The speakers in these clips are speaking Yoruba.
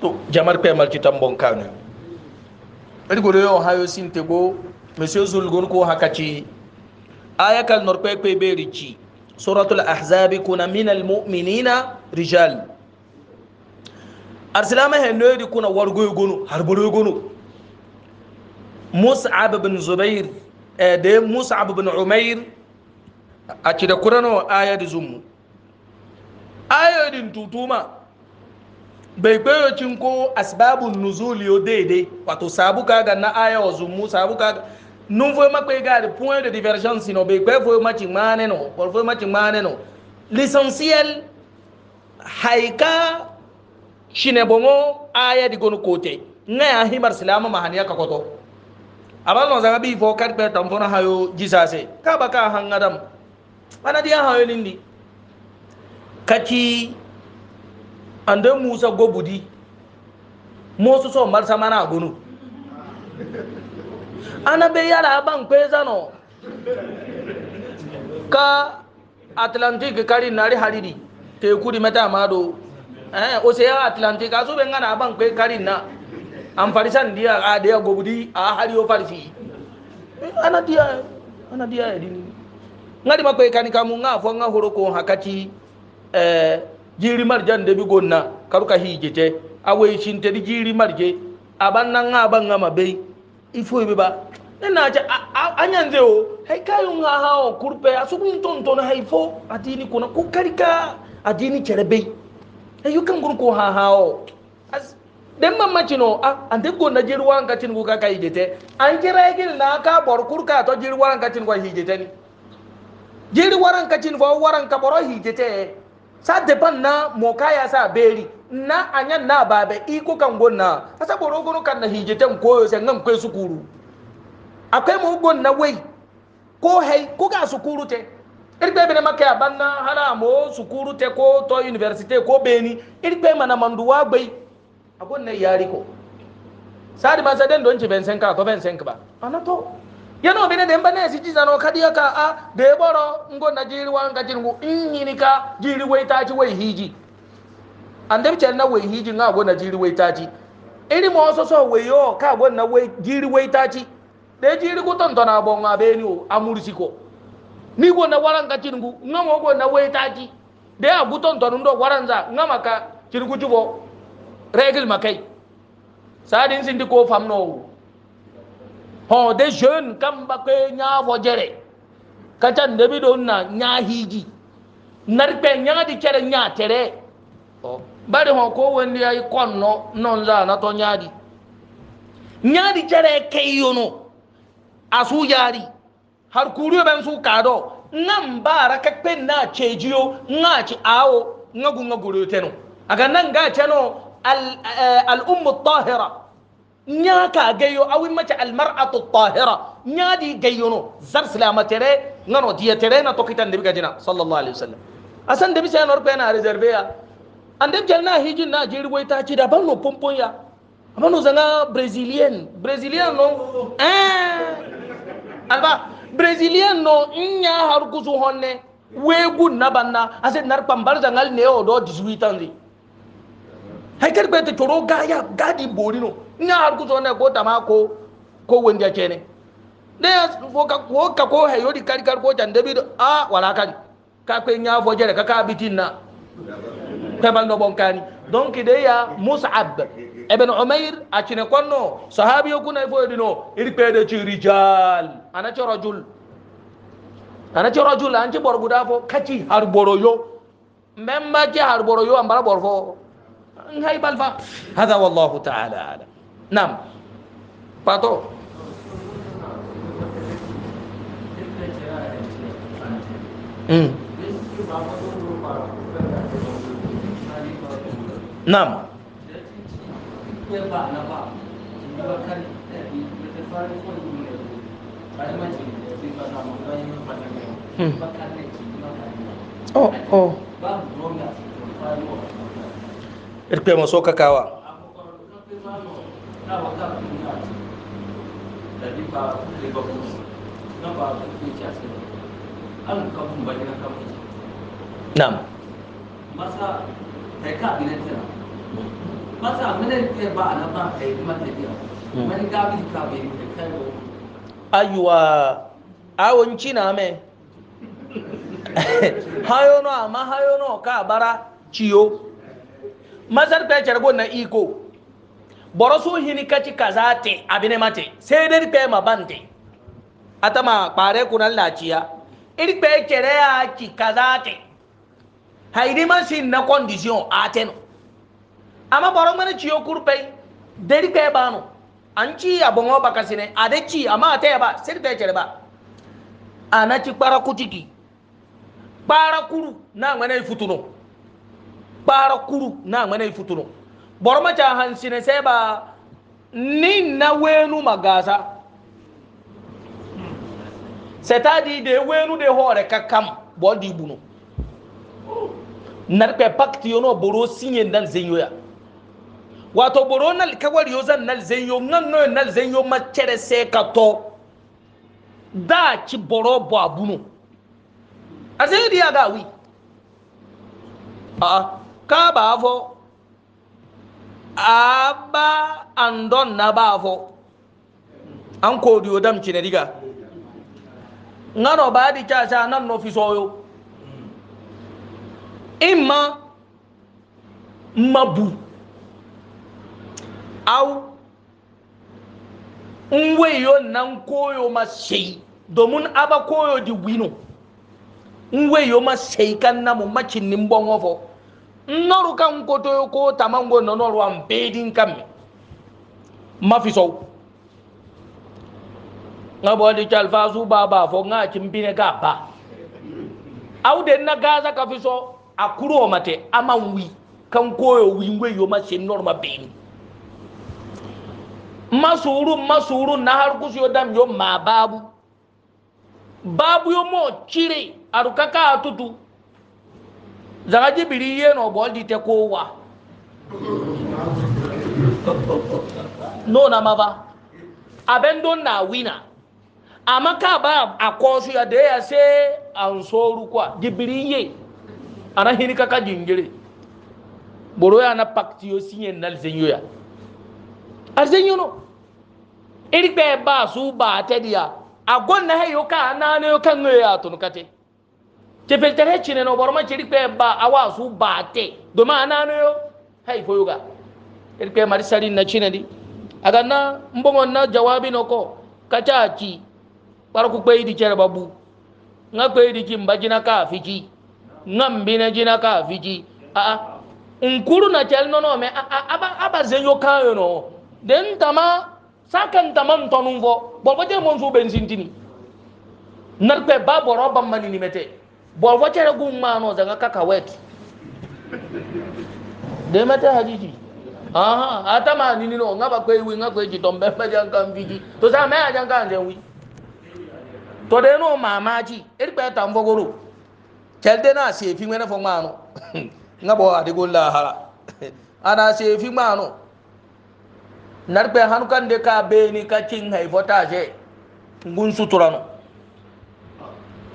to jamar pe malti tambon kanu edi godo yo hayo sinte go monsieur zulgon ko hakati ayakal norpe pe be rici suratul ahzab kuna min al mu'minina rijal arsilama he noydi kuna wargoyo gonu harboroyo gonu mus'ab bin zubair e de mus'ab bin umair a cida kurano ayadi zummu ayadin tutuma bai kwayo cinko asbabun nuzuli o daidai wato sabu kaga na aya wa zumu sabu kaga nun foi makwai ga da point de divergence no bai kwayo foi maci mane no por foi maci mane no l'essentiel haika shine bomo aya di gonu kote ngaya himar silama mahaniya ka koto abal no zaga bi fo kat be tam hayo jisase ka baka hangadam ana dia hayo lindi kati ande musa gobudi mosu so marsa mana gonu ana be yara ban kwe zano ka atlantic kari nari haridi teku di meta amado eh ocean atlantic aso be ngana ban kwe kari na am farisan dia a dia gobudi a hari o farisi eh, ana dia ana dia edini ngadi makwe kanika mu nga fo nga horo ko hakati eh jiri marjan da bigon na karuka awe awai shinte di jiri marje aban nan nga ban nga mabai ifo ibe ba ne na ja anyan zeo hai kayun ha ha o kurpe asugun tonto na haifo adini kuna ko karika adini cerebe ayu kan gurko ha ha o as den mamma cino a ande go na jiri wan katin go kaka hijete an kira gil na ka bor kurka to jiri wan katin go hijete ni jiri waran kacin fo waran ka boro hijete sa depan na moka ya sa beri na anya na babe iko kan gonna asa boro gono kan na hijeten koyo sai ngam kwe sukuru akwai mu gonna wai ko hai ko ga sukuru te irbe bene make abanna hala mo sukuru te ko to university ko beni irbe mana manduwa gbai agonna yari ko sadi ma sa den don ci ben sen ka ko ben sen ba anato yano bene demba nesi chisano kadiya ka a de deboro ngo na jiri wanga jirngu inyini ka jiri weitachi wei hiji andem chelna wei hiji nga go na jiri weitachi iri mo so so wei yo ka go na wei jiri weitachi de jiri go ton ton abon abeni o amurisiko ni go na waranga jirngu nga mo go na weitachi de a ton ton ndo waranza nga maka jirngu jubo regel makai sadin sindi ko famno hode jeune kamba kwe ñaafo jere kacan debi ɗon na ñaahiiji narpe ñaadi kere ñaatere o bari ho ko wondi ay konno non zana to ñaadi ñaadi kere keyyono a suujaari har kuuriyo ɓen su kaaɗo mbaara ka kpen na ceejiyo ŋaaci aawo ŋagu ŋagoroyo teno aga nan ga teno al umu tahira نياكا جيو او مات المرأة الطاهرة نيادي جيونو زر سلامة تري نانو دي تري نا توكي تندبكا جنا صلى الله عليه وسلم أسان دبسا نور بينا ريزربيا أندب جلنا هيجي نا جير وي تاچي دا بانو پمپون يا بانو زنا برزيليان برزيليان نو اه البا برزيليان نو انيا هرقزو هنه ويغو نبانا أسان نار پمبر زنال نيو دو جزوي تاندي هيكر بيت چورو غايا غادي بورينو nya har ku zone go tama ko ko wonja kene ne fo ka ko ka ko he yodi kari kari ko tan debido a wala kari ka ko nya fo jere ka ka bitinna tabal no bon kani donc de ya mus'ab ibn umair a cine konno sahabi yo kuna fo dino iri pede ci rijal ana ci rajul ana ci rajul an ci bor guda fo kaci har boro yo memma ci har boro yo ambara bor fo ngai balfa hada wallahu ta'ala alam naam pàtó. Mm. Naam. Hmm. Oh, oh. Irpe maso kakawa na wata community da riba riba kuma na ba da ke ci a sai an ka mun bari na kan fice na'am masa kai ka bi na tira masa mun ne ba na ba kai mata biya mun ga bi ka bi kai ayuwa awon china me hayo no ama hayo no ka bara chiyo masar pe chargo na iko boro su hini kaci kaza te abine mate sai dai pe ma bante atama pare kunan laciya iri pe kere ya ki kaza te haidi ma sin na condition ateno amma boro mana ciyo kurpe dai pe bano an ci abon o baka sine ade ci amma ate ba sai pe kere ba ana ci para kutiki para kuru na ngana ifutunu para kuru na ngana ifutunu boroma cha hansine seba ni na wenu magasa setadi de wenu de hore kakam bodi bunu narpe pakti yono boro sinye dan zenyoya wato boro nal kawari yo zan nal zenyo nan no nal zenyo ma chere se ka da ci boro bo abunu azedi aga wi a ka ba fo aba andon na ba fo an kodiyo dam cine diga ngano ba di caca nan no fi soyo imma mabu au nweyo nan koyo ma sei domin aba koyo di wino nweyo ma sei kan namu macinnin bon ofo nnoru kan koto ko tamango nonoru an bedin kamme mafi sau nga bo di chalfa su ba ba fo nga chimpine ga ba au de na gaza ka fi so akuro mate ama wi kan koyo wi ngwe yo ma se norma bedin masuru masuru na har kusiyo dam yo ma babu babu yo mo chire arukaka atutu zaga jibiri ye no bol dite kowa no na maba abin don na wina amma ka ba a ya da ya sai an soru kwa jibiri ye ana hini kaka jingire boro ya na paktiyo sinyen na alzenyo ya alzenyo no iri pe ba su ba tediya agon na hayo ka na ne kan ya tunukate tefelitere cine no boroma ciri kpe ba awa su bate doma anano yo hay foyuga iri kpe mari sari na cine di aga na mbongo na jawabi no ko kaca ci ku kpe di cere babu nga kpe di ci mba jina ka fiji nga mbina jina ka fiji a a nkuru na cel no no me aba aba zenyo kan yo no den tama sakan tama ntonu fo borbo je mon su benzintini nar kpe ba boro bamani ni mete bor wacere gun mano zanga kaka wet de mata hajiji aha ata ma ni no nga ba kwe wi nga kwe ji to mbe mbe janga mbiji to sa me ajanga nje wi to de no mama ji eri pe ta mbogoro chelde na se fi ngene fo mano nga bo adigo la hala ana se fi mano narpe hanukan de ka be ni ka cin hay fota je ngun suturano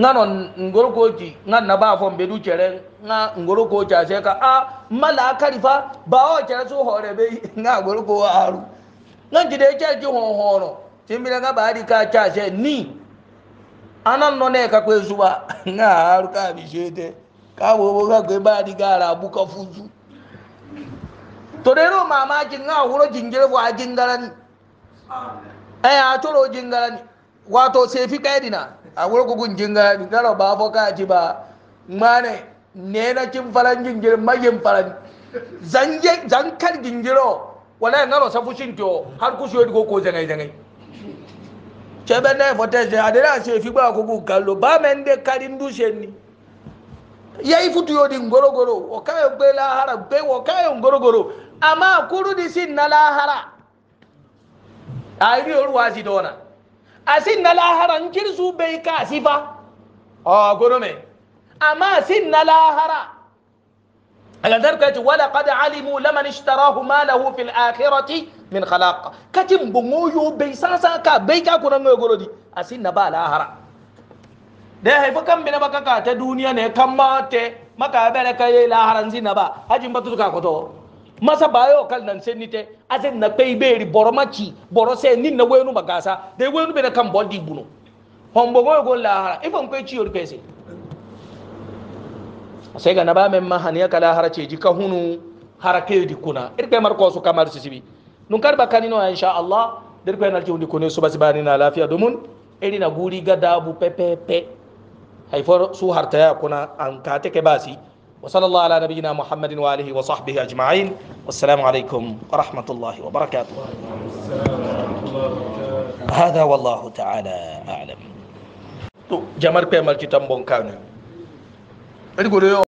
ngano ngorokoji nganna bafo mbedu cere nga ngorokoji ase ka a mala kalifa bawo cere su hore be nga arụ aru njide jide ce ji hon hono timbira nga ba baadi ka ca ase ni anan no ne ka kwe suba nga aru ka bi shete ka bobo ka kwe baadi ka ara abụ ka fuzu eh, to dero mama ji nga wuro jingire fo ajingarani eh a toro jingarani wato sefi kaidina a wuri kukun jinga bi tara ba fo ka ci ba ngmane ne na kin faran jingir magin faran zanje zankar jingiro wala ngaro sa fushin to har ku shoyi ko ko zangai zangai chebe na fo te je adira se fi gba kukun kallo ba men de karin dushen ni yayi futu yodi ngorogoro o kayo gbe lahara gbe wo kayo ngorogoro amma kuru di sin na lahara a ri oruwa si dona asin na lahara nkiri su bai ka asifa a gudu mai amma asin na lahara a gantar kai ci wala kada alimu laman ishtarahu ma lahu fil akhirati min khalaqa katin bungoyo bai sasa ka bai ka kuna mai gurudi asin na ba lahara da haifi kan bi na baka ka ta duniya ne kan ma te maka bere kai laharan zina ba hajin batu ka kwato masa bayo kal nan sen nite azen na pay beri boromachi borose nin na wenu magasa de wenu be na kan boldi bunu hombo go go la hara ifan pe ci yor pese sai ga na ba men mahaniya kala hara ce ji ka hunu hara ke di kuna irkai marko su kamar su sibi nun kar ba kanino insha Allah dirkai na ci hundi kone su basi bani na lafiya domin iri na guri ga dabu pepepe haifar su harta ya kuna an ka take basi وصلى الله على نبينا محمد وآله وصحبه أجمعين والسلام عليكم ورحمة الله وبركاته هذا والله تعالى أعلم جمال بيمال جتنبون كان